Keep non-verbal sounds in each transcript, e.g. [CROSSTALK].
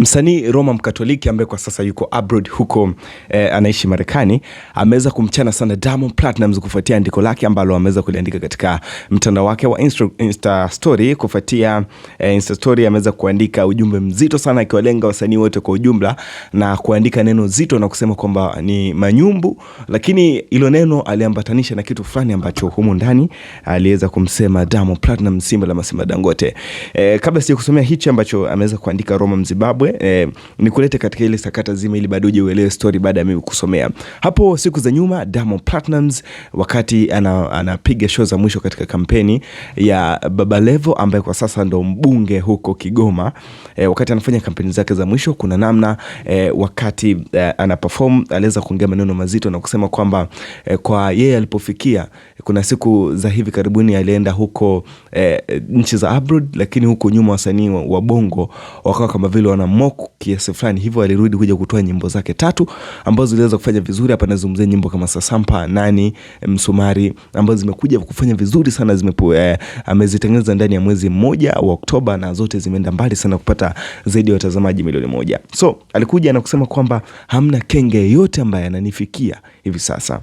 Msanii Roma Mkatoliki ambaye kwa sasa yuko abroad huko eh, anaishi Marekani ameweza kumchana sana Diamond Platnumz kufuatia andiko lake ambalo ameweza kuliandika katika mtandao wake wa Insta, Insta story. Kufuatia eh, Insta story ameweza kuandika ujumbe mzito sana akiwalenga wasanii wote kwa ujumla na kuandika neno zito na kusema kwamba ni manyumbu, lakini hilo neno aliambatanisha na kitu fulani ambacho humu ndani aliweza kumsema Diamond Platnumz, simba la masimba Dangote. Eh, kabla sijakusomea hichi ambacho ameweza kuandika Roma Mzibabwe wewe eh, nikulete katika ile sakata zima ili bado uje uelewe story baada ya mimi kusomea. Hapo siku za nyuma Diamond Platnumz wakati anapiga ana show za mwisho katika kampeni ya Baba Levo ambaye kwa sasa ndo mbunge huko Kigoma eh, wakati anafanya kampeni zake za mwisho kuna namna eh, wakati eh, ana perform aliweza kuongea maneno mazito na kusema kwamba eh, kwa yeye alipofikia kuna siku za hivi karibuni alienda huko eh, nchi za abroad, lakini huko nyuma wasanii wa, wa Bongo wakawa kama vile wana moku kiasi fulani, hivyo alirudi kuja kutoa nyimbo zake tatu ambazo ziliweza kufanya vizuri. Hapa nazungumzia nyimbo kama Sasampa, Nani, Msumari ambazo zimekuja kufanya vizuri sana zimepo, eh, amezitengeneza ndani ya mwezi mmoja wa Oktoba na zote zimeenda mbali sana kupata zaidi ya watazamaji milioni moja. So alikuja na kusema kwamba hamna kenge yeyote ambaye ananifikia hivi sasa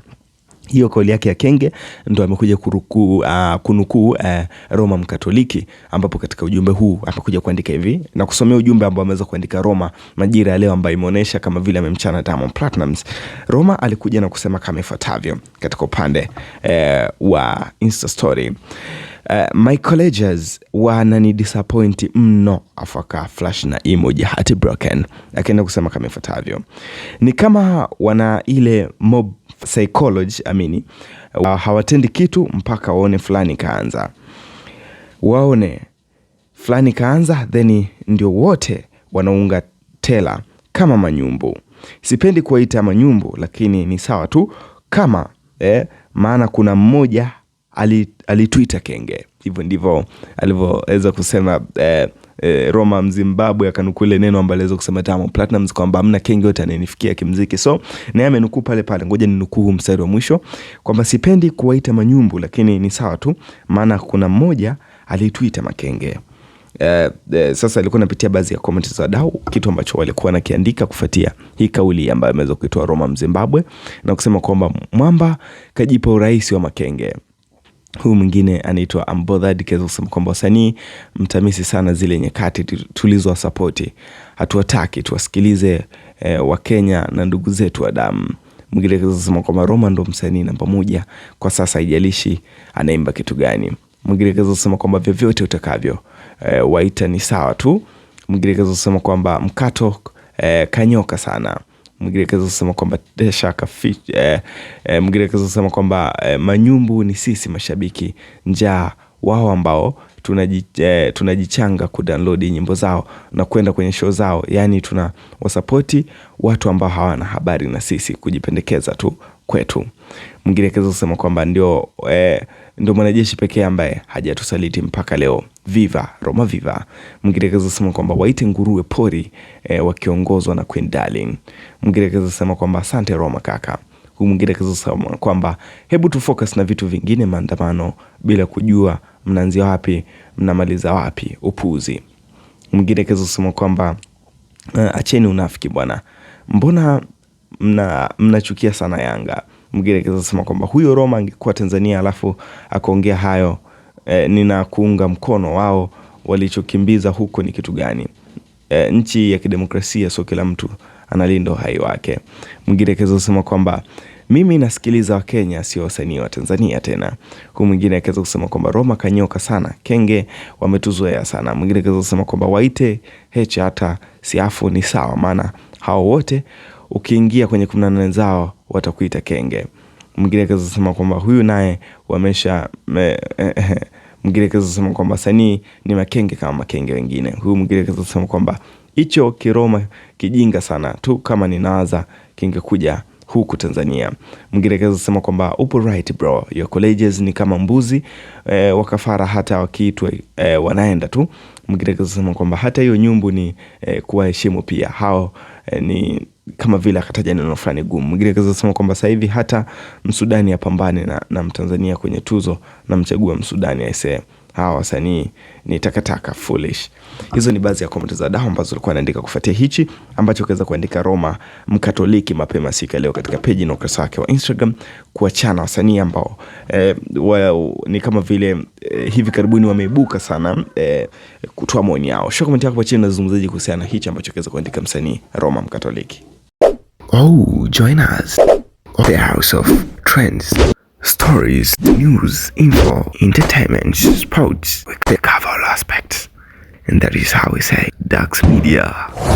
hiyo kauli yake ya Kenge ndo amekuja uh, kunukuu uh, Roma Mkatoliki, ambapo katika ujumbe huu amekuja kuandika hivi na kusomea ujumbe ambao ameweza kuandika Roma majira ya leo, ambayo imeonyesha kama vile amemchana Diamond Platnumz. Roma alikuja na kusema kama ifuatavyo katika upande uh, wa Insta story Uh, my colleges wanani disappoint mno. Afaka flash na emoji heartbroken. akaenda kusema kama ifuatavyo: ni kama wana ile mob psychology amini, uh, hawatendi kitu mpaka waone fulani kaanza, waone fulani kaanza, then ndio wote wanaunga tela kama manyumbu. Sipendi kuwaita manyumbu, lakini ni sawa tu kama eh, maana kuna mmoja alitwita ali kenge. Hivyo ndivyo alivyoweza kusema eh, eh, Roma Mzimbabwe akanukule neno ambalo aliweza kusema Diamond Platnumz kwamba amna kenge yote anayenifikia kimziki. So naye amenukuu pale pale, ngoja ninukuu mstari wa mwisho kwamba sipendi kuwaita manyumbu, lakini ni sawa tu, maana kuna mmoja alituita makenge. Uh, uh, sasa alikuwa napitia baadhi ya comment za wadau, kitu ambacho walikuwa nakiandika kufuatia hii kauli ambayo ameweza kuitoa Roma Mzimbabwe na kusema kwamba mwamba kajipa urais wa makenge. Huyu mwingine anaitwa Unbothered kaweza kusema kwamba wasanii mtamisi sana zile nyakati tulizowasapoti, hatuwataki tuwasikilize e, eh, Wakenya na ndugu zetu wa damu. Mwingine kaweza kusema kwamba Roma ndo msanii namba moja kwa sasa, haijalishi anaimba kitu gani. Mwingine kaweza kusema kwamba vyovyote utakavyo, e, waita ni sawa tu. Mwingine kaweza kusema kwamba mkato e, kanyoka sana. Mgirekezo kaza kwamba Desha kaficha eh, eh, Mgirekezo kaza kwamba eh, manyumbu ni sisi mashabiki njaa wao ambao tunaji, eh, tunajichanga kudownload nyimbo zao na kwenda kwenye show zao, yaani tuna wasapoti watu ambao hawana habari na sisi, kujipendekeza tu kwetu. Mwingine akaweza kusema kwamba ndio eh, ndo mwanajeshi pekee ambaye hajatusaliti mpaka leo. Viva Roma Viva. Mwingine akaweza kusema kwamba waite nguruwe pori eh, wakiongozwa na Queen Darling. Mwingine akaweza kusema kwamba asante Roma kaka huyu mwingine akasema kwamba hebu tu focus na vitu vingine, maandamano bila kujua mnaanzia wapi mnamaliza wapi, upuzi. Mwingine akasema kwamba uh, acheni unafiki bwana, mbona mnachukia sana Yanga. Mwingine akasema kwamba huyo Roma angekuwa Tanzania alafu akaongea hayo e, eh, nina kuunga mkono wao walichokimbiza huko ni kitu gani? E, nchi ya kidemokrasia, sio kila mtu analinda uhai wake. Mwingine akaweza kusema kwamba mimi nasikiliza Wakenya sio wasanii wa Tanzania tena. Huyu mwingine akaweza kusema kwamba Roma kanyoka sana, kenge wametuzoea sana. Mwingine akaweza kusema kwamba waite hecha hata siafu ni sawa, maana hao wote ukiingia kwenye kumi na nane zao watakuita kenge. Mwingine akaweza kusema kwamba huyu naye wamesha me, eh, [LAUGHS] eh, mwingine akaweza kusema kwamba sanii ni makenge kama makenge wengine. Huyu mwingine akaweza kusema kwamba hicho Kiroma kijinga sana tu kama ninaanza kingekuja huku Tanzania. Mwingine sema kwamba upo right bro, your colleges ni kama mbuzi e, wakafara hata wakiitwa e, wanaenda tu. Mwingine sema kwamba hata hiyo nyumbu ni e, kuwaheshimu pia hao e, ni kama vile akataja neno fulani gumu. Mwingine sema kwamba sasa hivi hata Msudani apambane na, na Mtanzania kwenye tuzo na mchague Msudani aisee hawa wasanii ni takataka foolish. Hizo ni baadhi ya komenti za daho ambazo ulikuwa anaandika kufuatia hichi ambacho ukiweza kuandika Roma Mkatoliki mapema siku ya leo katika peji na ukurasa wake wa Instagram, kuachana wasanii ambao eh, wa, ni kama vile eh, hivi karibuni wameibuka sana eh, kutoa maoni yao. Shika komenti yako chini, nazungumzaji kuhusiana na hichi ambacho ukiweza kuandika msanii Roma Mkatoliki. Oh, join us. The House of Trends stories, news, info, entertainment, sports. We cover all aspects. And that is how we say Dax Media.